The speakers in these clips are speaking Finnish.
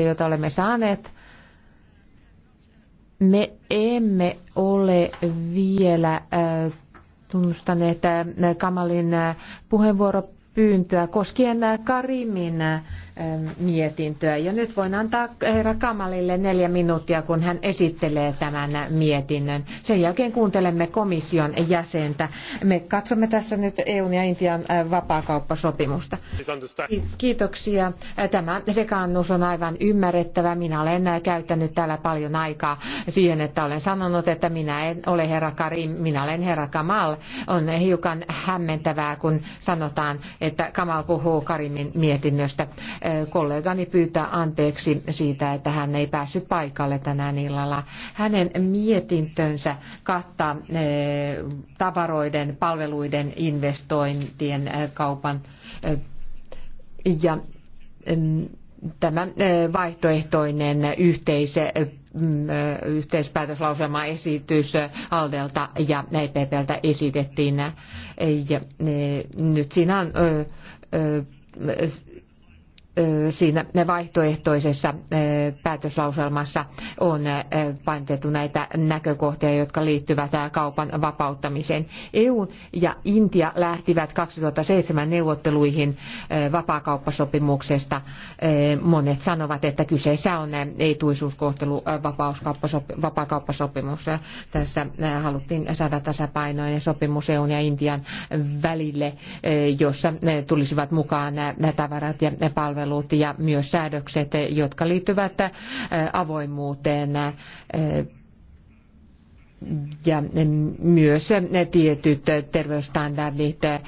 jota olemme saaneet, me emme ole vielä äh, tunnustaneet äh, Kamalin äh, puheenvuoro pyyntöä koskien Karimin mietintöä. Ja nyt voin antaa herra Kamalille neljä minuuttia, kun hän esittelee tämän mietinnön. Sen jälkeen kuuntelemme komission jäsentä. Me katsomme tässä nyt EUn ja Intian vapaakauppasopimusta. Kiitoksia. Tämä sekaannus on aivan ymmärrettävä. Minä olen käyttänyt täällä paljon aikaa siihen, että olen sanonut, että minä en ole herra Karim, minä olen herra Kamal. On hiukan hämmentävää, kun sanotaan, että Kamal puhuu Karimin mietinnöstä. Kollegani pyytää anteeksi siitä, että hän ei päässyt paikalle tänään illalla. Hänen mietintönsä kattaa tavaroiden, palveluiden, investointien, kaupan ja mm, tämä eh, vaihtoehtoinen yhteis, mm, eh, yhteispäätöslauselmaesitys Aldelta ja EPPltä esitettiin. Ja eh, nyt siinä on siinä vaihtoehtoisessa päätöslauselmassa on painotettu näitä näkökohtia, jotka liittyvät kaupan vapauttamiseen. EU ja Intia lähtivät 2007 neuvotteluihin vapaakauppasopimuksesta. Monet sanovat, että kyseessä on etuisuuskohtelu vapaakauppasopimus. Tässä haluttiin saada tasapainoinen sopimus EUn ja Intian välille, jossa tulisivat mukaan tavarat ja palvelut palvelut ja myös säädökset, jotka liittyvät äh, avoimuuteen äh, ja myös tietyt terveysstandardit, äh,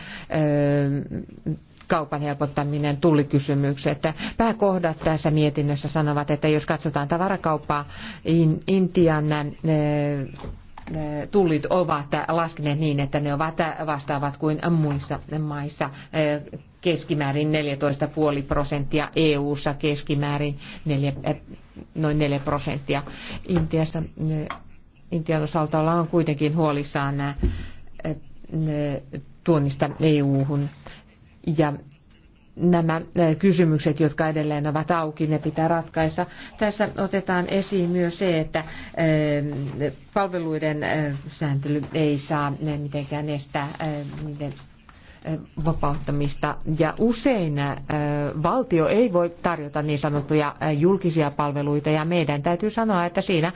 kaupan helpottaminen, tullikysymykset. Pääkohdat tässä mietinnössä sanovat, että jos katsotaan tavarakauppaa Intian tullit ovat laskeneet niin, että ne ovat vastaavat kuin muissa maissa keskimäärin 14,5 prosenttia, EU-ssa keskimäärin 4, noin 4 prosenttia. Intiassa, Intian osalta ollaan kuitenkin huolissaan tuonnista EU-hun ja nämä kysymykset, jotka edelleen ovat auki, ne pitää ratkaista. Tässä otetaan esiin myös se, että palveluiden sääntely ei saa mitenkään estää niiden vapauttamista ja usein äh, valtio ei voi tarjota niin sanottuja äh, julkisia palveluita ja meidän täytyy sanoa, että siinä äh,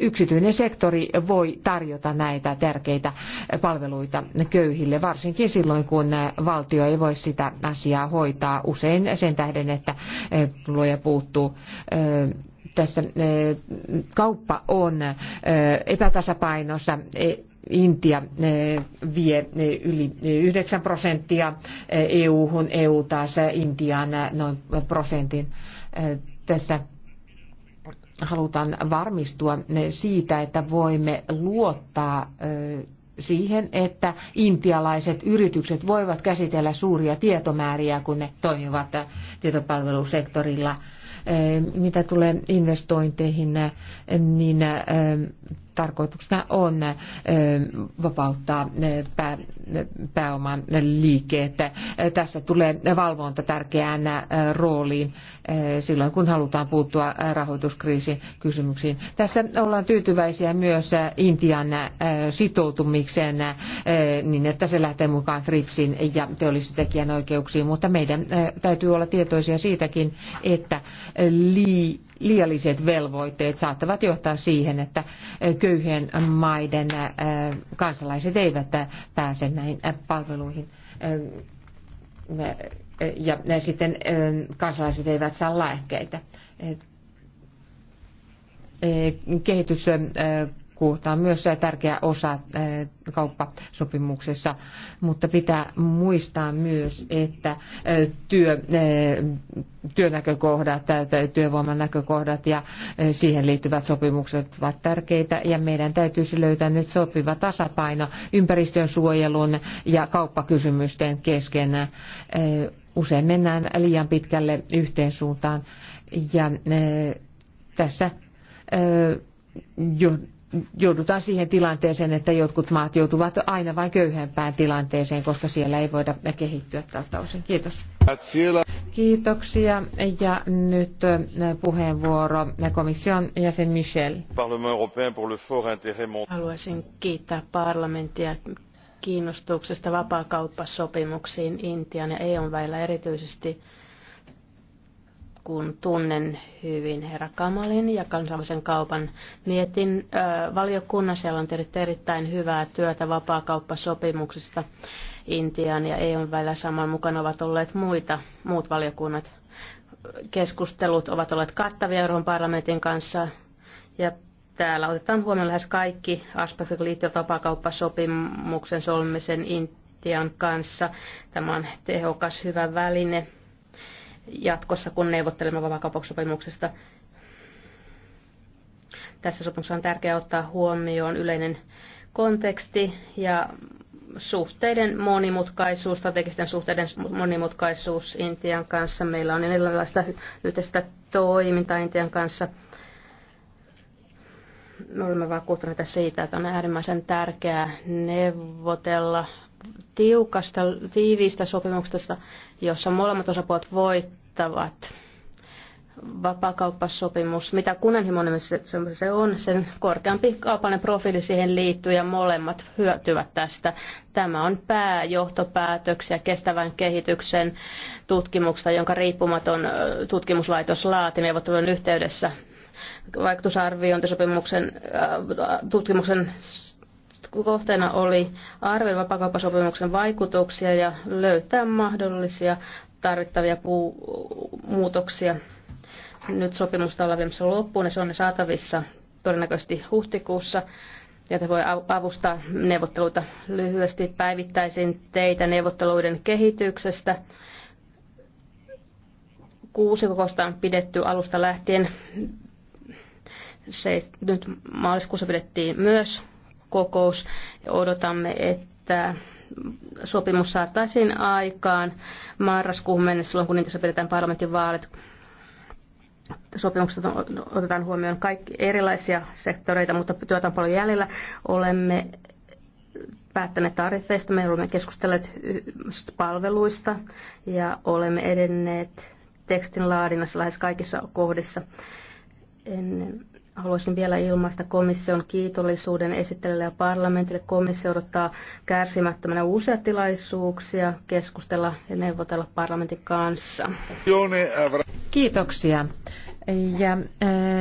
yksityinen sektori voi tarjota näitä tärkeitä palveluita köyhille, varsinkin silloin kun valtio ei voi sitä asiaa hoitaa usein sen tähden, että luoja puuttuu tässä kauppa on epätasapainossa e- Intia eh, vie eh, yli 9 eh, prosenttia EU-hun, EU taas Intiaan noin prosentin. Tässä halutaan varmistua siitä, että voimme luottaa siihen, että intialaiset yritykset voivat käsitellä suuria tietomääriä, kun ne toimivat tietopalvelusektorilla. Mitä tulee investointeihin, niin tarkoituksena on vapauttaa pää, pääoman liikkeet. Tässä tulee valvonta tärkeään rooliin silloin, kun halutaan puuttua rahoituskriisin kysymyksiin. Tässä ollaan tyytyväisiä myös Intian sitoutumiseen niin, että se lähtee mukaan TRIPSin ja teollistekijän oikeuksiin, mutta meidän täytyy olla tietoisia siitäkin, että lii liialliset velvoitteet saattavat johtaa siihen, että eh, köyhien maiden eh, kansalaiset eivät eh, pääse näihin palveluihin ja sitten kansalaiset eivät saa lääkkeitä. Kehitys Tämä on myös tärkeä osa eh, kauppasopimuksessa, mutta pitää muistaa myös, että eh, työ, eh, työnäkökohdat, työvoiman näkökohdat ja siihen liittyvät sopimukset ovat tärkeitä ja meidän täytyisi löytää nyt sopiva tasapaino ympäristön suojelun ja kauppakysymysten kesken. Usein mennään liian pitkälle yhteen suuntaan ja tässä jo joudutaan siihen tilanteeseen, että jotkut maat joutuvat aina vain köyhempään tilanteeseen, koska siellä ei voida kehittyä tältä osin. Kiitos. Kiitoksia. Ja nyt äh, puheenvuoro komission jäsen Michel. Haluaisin kiittää parlamenttia kiinnostuksesta vapaakauppasopimuksiin Intian ja EUn välillä erityisesti kun tunnen hyvin herra Kamalin ja kansallisen kaupan mietin äh, valiokunnan. Siellä on tehty erittäin hyvää työtä vapaakauppasopimuksista Intian ja EUn välillä. saman mukana ovat olleet muita, muut valiokunnat. Keskustelut ovat olleet kattavia Euroopan parlamentin kanssa ja täällä otetaan huomioon lähes kaikki aspektit liittyvät vapaakauppasopimuksen solmisen Intian kanssa. Tämä on tehokas, hyvä väline jatkossa, kun neuvottelemme vapaakauppasopimuksesta. Tässä sopimuksessa on tärkeää ottaa huomioon yleinen konteksti ja suhteiden monimutkaisuus, strategisten suhteiden monimutkaisuus Intian kanssa. Meillä on erilaista yhteistä toimintaa Intian kanssa. Me olemme vakuuttuneita siitä, että on äärimmäisen tärkeää neuvotella tiukasta, tiiviistä sopimuksesta, jossa molemmat osapuolet voittavat. Vapakauppasopimus, mitä kunnianhimoinen se on, sen korkeampi kaupallinen profiili siihen liittyy ja molemmat hyötyvät tästä. Tämä on pääjohtopäätöksiä kestävän kehityksen tutkimuksesta, jonka riippumaton tutkimuslaitos laati neuvottelujen yhteydessä vaikutusarviointisopimuksen tutkimuksen kohteena oli arvioida vapakauppasopimuksen vaikutuksia ja löytää mahdollisia tarvittavia muutoksia. Nyt sopimusta ollaan viemässä loppuun ja se on saatavissa todennäköisesti huhtikuussa ja te voi avustaa neuvotteluita lyhyesti. Päivittäisin teitä neuvotteluiden kehityksestä. Kuusi kokousta on pidetty alusta lähtien. Se nyt maaliskuussa pidettiin myös kokous. Odotamme, että sopimus saataisiin aikaan marraskuun mennessä, silloin kun niissä pidetään parlamentin vaalit. Sopimukset otetaan huomioon kaikki erilaisia sektoreita, mutta työtä on paljon jäljellä. Olemme päättäneet tarifeista, me olemme keskustelleet palveluista ja olemme edenneet tekstin laadinnassa lähes kaikissa kohdissa. Ennen Haluaisin vielä ilmaista komission kiitollisuuden esittelylle ja parlamentille. Komissio odottaa kärsimättömänä uusia tilaisuuksia keskustella ja neuvotella parlamentin kanssa. Kiitoksia. Ja äh,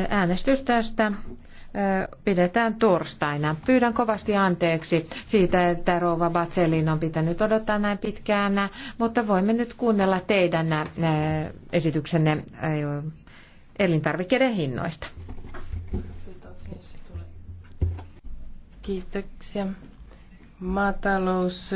äänestys tästä äh, pidetään torstaina. Pyydän kovasti anteeksi siitä, että Rova Batselin on pitänyt odottaa näin pitkään, mutta voimme nyt kuunnella teidän äh, esityksenne elintarvikkeiden hinnoista. Kiitoksia. Maatalous